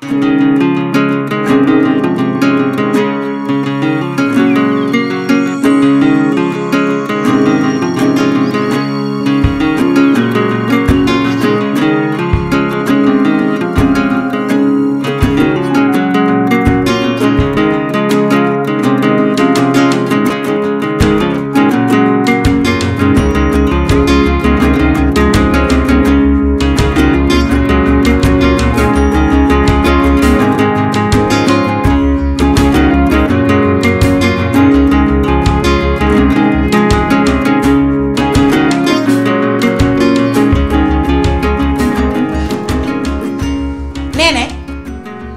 thank you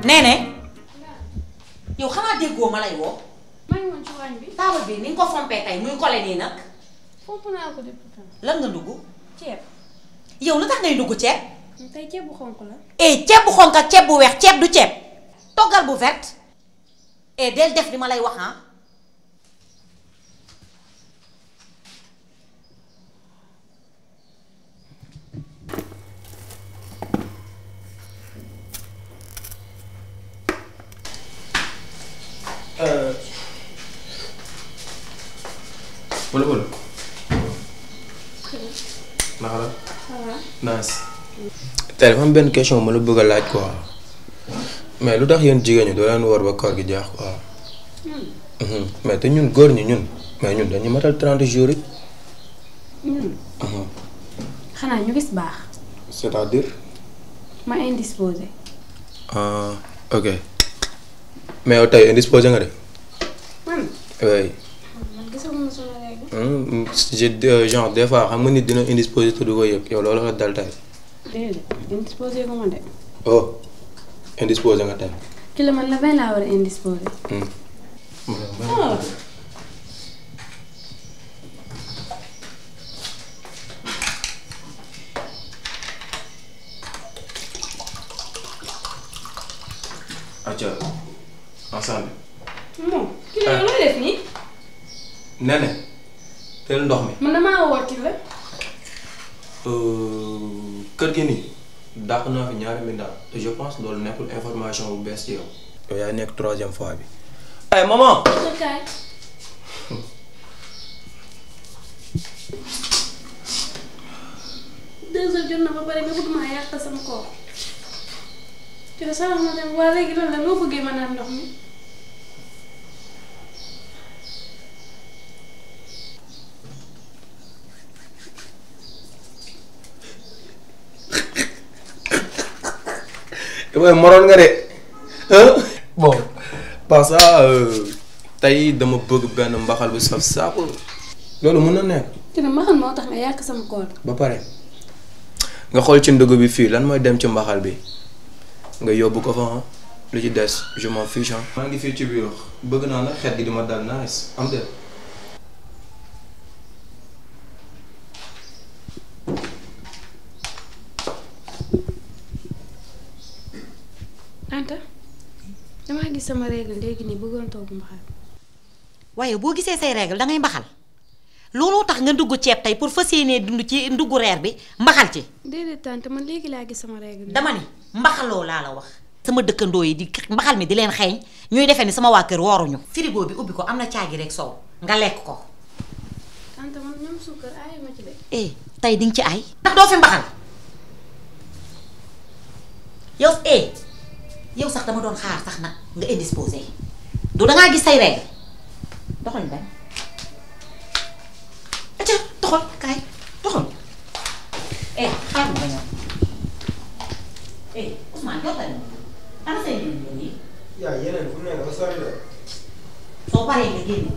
Néné yow xanaa déggoo ma lay woo. maa ngi woon ci waañ bi. ni nga ko fompee tey muy kole nii nag. fomp naa ko lan nga dugg. ceeb. yow lu tax ngay dugg ceeb. tey ceeb bu xonk la. eh ceeb bu xonk ak ceeb bu weex ceeb du ceeb. toggal bu vert. eh del def li ma lay wax ah. tey benn question ma la bëgg laaj quoi mais lu tax yéen jigéen ñi doo leen woor ba koor gi jeex quoi. Hmm. Hmm. mais te ñun góor ñi ñun mais ñun dañu matal 30 jours yi. Hmm. xanaa ñu gis baax. c'est-à-dire. ma indisposé. Ah, ok mais yow tey indisposé nga de. man. oui. man euh, xam nga nit dina indisposé te du ko yëg yow loolu la dal tey. déedéet indisposé gu ma de. oh indisposé nga tey. ki man la bay laa war a indisposé. acca ensemble. non kii la nene teel ndox mi. man damaa woo kii la. Euh, kër gi nii dàq naa fi ñaari mbindaan je pense loolu nekkul information bu bees ci yow. yow nekk troisième fois bi. ay eh, maman. deux heures jot na ba pare nga bëgg maa yàq sama kooku. te sax ma dem waa léegi lan la noo bëggee ma naan ndox mi. waaye moroon nga de bon par euh, tey dama bëgg benn mbaxal bu saf saaku loolu mun na nekk. nga ba pare nga xool ci ndugg bi fii lan mooy dem ci mbaxal bi nga yóbbu ko fa lu ci des je m'en maa ngi fii ci biir bëgg naa la xet gi dima dal nice am de. sama règle léegi nii bëggoon togg mbaxal. waaye boo gisee say règle da ngay mbaxal looloo tax nga dugg ceeb tey pour fas yéenee dund ci ndugg reer bi mbaxal ci. déedéet man léegi laa gis sama règle. dama ni mbaxaloo laa la wax. sama dëkkandoo yi di mbaxal mi di leen xeeñ ñuy defee ni sama waa kër wooruñu. firigo bi ubbi ko am na caagi rek soow nga lekk ko. tante man ñoom suukar aay ci de. eh tey di nga ci aay. ndax doo fi mbaxal yow eh yow sax dama doon xaar sax na nga indisposé du da ngaa gis say règle doxal benn atia doxal kaay doxal eh xaar nga ñëw eh Ousmane ana say yeneen yi. yaa yeneen fu mu ne dafa soo paree nga génn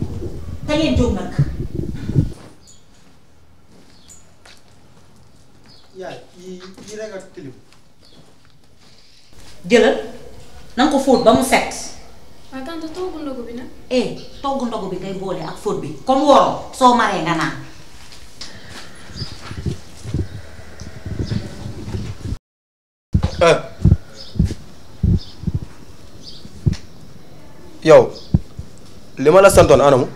te ngeen jóg nag. yaay yi jëlal. na ko fóot ba mu set. waaw tante bi nag. eh togg ndogu bi ngay boole ak fóot bi comme woro soo maree nga naan. Eh. yow li ma la santoon anamu.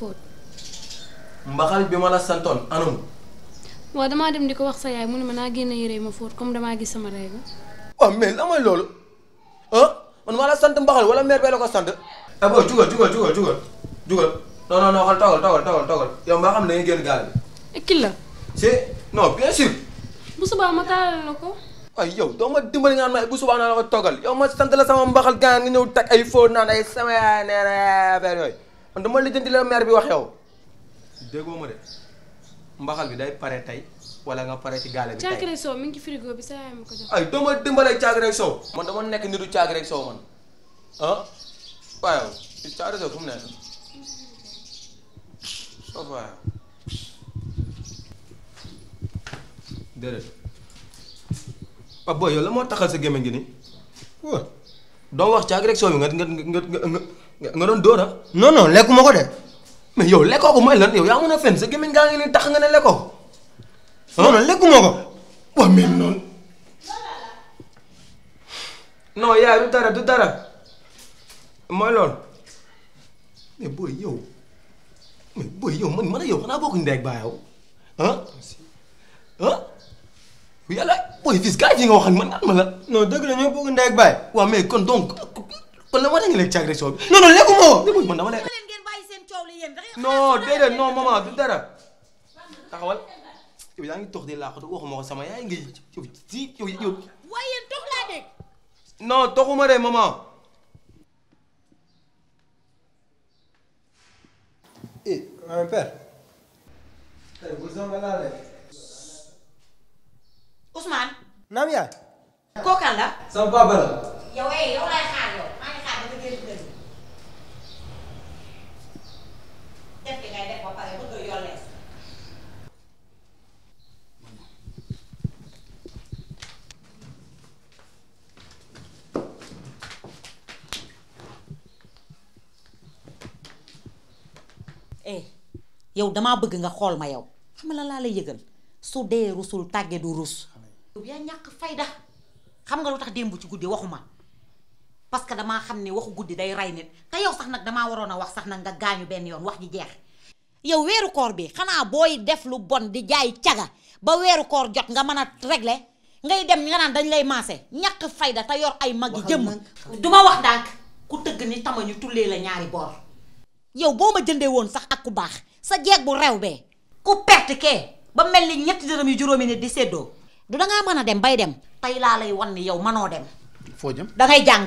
fóot. mbaxal bi ma la santoon anam. waaw damaa dem di ko wax sa yaay mu ne ma naa génne yére ma fóot comme damaa gis sama rey ba. waaw mais mooy loolu ah man maa la sant mbaxal wala mère bee la ko sant. eh bu subaa ma taalal la ko. ay yow doo ma nga xam ne bu subaa naa la ko toogal yow ma sant la sama mbaxal gaan nga ñëw teg ay fóot naan ay sama yaay nee na affaire man dama lijjanti la maire bi wax yow. déggoo ma de mbaxal bi day pare tey wala nga pare ci gaale bi tey caakiri sow mi ngi frigo bi sa yaay ma ko jox. ay doo ma man nekk nitu caakiri sow man ah waaw soo fa waaw. déedéet Pape yow la moo taxal sa gémmiñ gi nii doo wax caakiri sow bi nga nga nga nga. nga doon dóor ah. non non ko de. mais yow lekkoo ko mooy lan yow yaa a fen sa gémmiñ gaa ngi nii nga ne lekkoo ko. non non lekkuma ko. waaw mais noonu. non yaay du dara du dara. mooy loolu. mais booy yow. mais booy yow man man ak yow xanaa bokkuñ ndey ak ah. ah. yàlla booy fils gars yi nga wax man naan ma la. non dëgg la ñoo bokk ndey ak baay. kon donc. kon la war a ngi lekk ci agression bi non non lekkuma woon man dama lekk. non déedéet non maman du dara taxawal yow yaa ngi tox di laaxatu waxuma ko sama yaay ngay yow ci yow yow. waaye yéen tox laa dégg. non toxuma de maman. eh mon père. tey bu zong laa lay. Ousmane. naam yaay. kookan la. sama papa la. yow eh yow laay xaar. Eh, yow damaa bëgg nga xool ma yow xam la laa lay yëgal su dee rusul tàgge du rus. yow yaa ñàkk fayda xam nga lu tax démb ci guddi waxuma parce que damaa xam ne waxu guddi day rey nit te yow sax nag damaa waroon a wax sax nag nga gaañu benn yoon wax ji jeex. yow weeru koor bi xanaa booy def lu bon di jaay caga ba weeru koor jot nga mën a régler ngay dem nga naan dañ lay maase ñàkk fayda te yor ay mag yi jëmm duma wax daak ku tëgg ni tama ñu tullee la ñaari boor yow boo ma jëndee woon sax ak ku baax sa jeeg bu reew bee ku perte kee ba mel ni ñetti dërëm yu juróomi nit di séddoo du dangaa mën a dem bay dem tey laa lay wan ni yow manoo dem foo jëm dangay jàng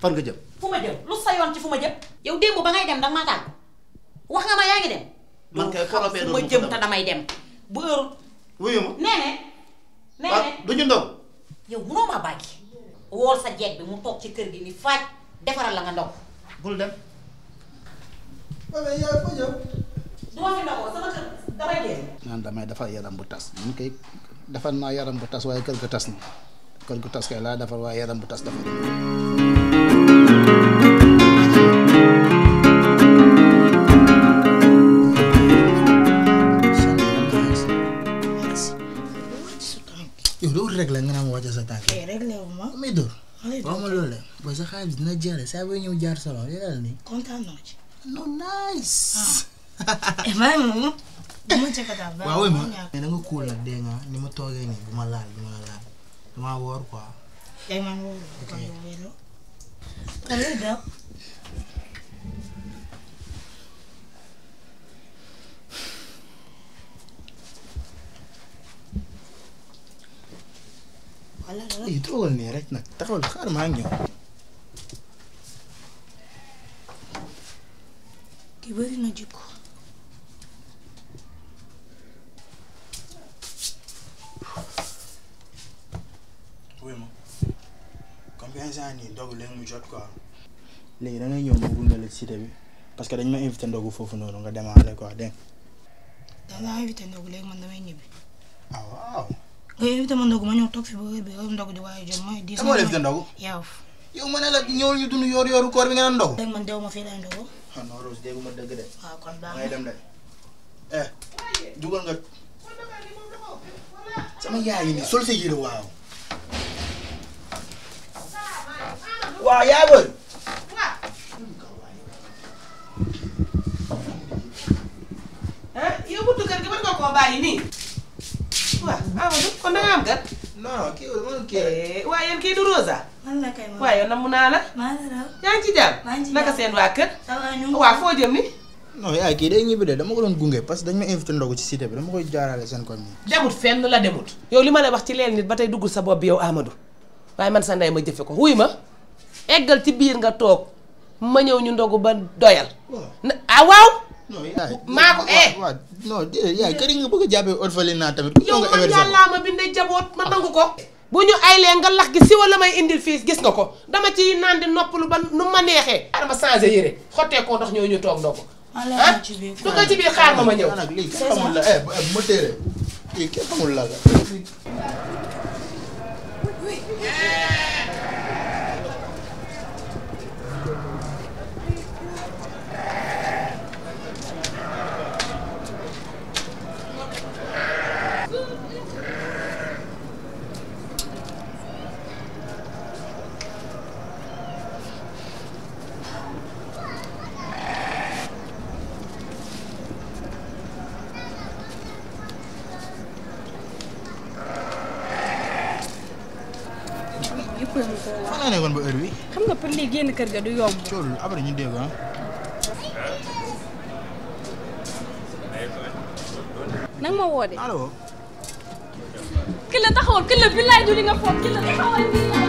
fan nga ma jëm lu sa yoon ci ma jëm yow démb ba ngay dem danga maa wax nga ma yaa ngi jëm te damay dem bu heure wuyu ma nee ne du ñu ndaw yow munoo maa bàyyi wool sa jeeg bi mu toog ci kër gi ni faaj defaral la nga ndaw bul dem mais yow naan damay defar yaram bu tas man kay defar naa yaram bu tas waaye kër ga tas na kër ga tas kay laa defar waaye yaram bu tas defar. réglé eh, loolu la sa xaalis dina jeex saa booy ñëw jaar salon yéen nii no nice. e maa mu. bu ma jëkk daal waaw oui ma mais da nga kóol nag dégg nga ni ma toogee nii bu ma laal bu ma laal damaa woor quoi. day maa woor ok kon loolu daal. wala dara yi toogal nii rek nag taxawal xaar maa ngi ñëw. instant nii ndogu léegi mu jot quoi. léegi da ngay ñëw ma gunge la cité bi parce que dañ ma invité ndogu foofu noonu nga demaale quoi dégg nga. da invité ndogu léegi man damay ah, ma ndogu ma ñëw toog fi ba heure bi heure ndogu di waaye jot ma invité ndogu yow. yow ma ne la ñëw ñu dund yoor yooru koor bi nga naan ndogu. léegi man dew ma fii lay ndogu. Ah, dëgg de. waaw ah, kon baax ngay dem de. eh nga sama yaay nii sol sa yére waaw. waaw yaa booy. ah yow kon da am gan. non kii wala man kii. Eh, waaw yéen kii du Rosa. man la naa la. maa ngi raw yaa ngi ci jàmm. naka seen waa kër. waaw foo jëm ni non yaay kii day ñibbi de dama ko doon gunge parce que dañ ma invité ndogu ci cité bi dama koy jaarale seen koñ demut fenn la demut. yow li ma lay wax ci leen nit ba tey duggul sa bopp bi yow amadu waaye man sa ndey ma jëfe ko wuy ma eggal ci biir nga toog ma ñëw ñu ndogu ba doyal. ah waaw. maa ko eh. eh kër yi nga bëgg a jàppee orphelinat tamit. yow man yàllaa ma bind jaboot ma ah. nangu ko. bu ñu aylee nga lax gi si wala may indil fii gis nga ko dama ci naan di noppalu ba nu ma neexee. dama changé yére xottee koo ndax ñu toog ndogu. ah, ah? duggal ci biir xaar ma ma ñëw. c' est ça eh, eh, kenn xamul la la. fan laa nekkoon ba heure xam nga pour lii génn ga du yomb. cool après ñu dégg ah. na ma woo de. allo. taxawal kii billaay du nga foog kii taxawal billaay.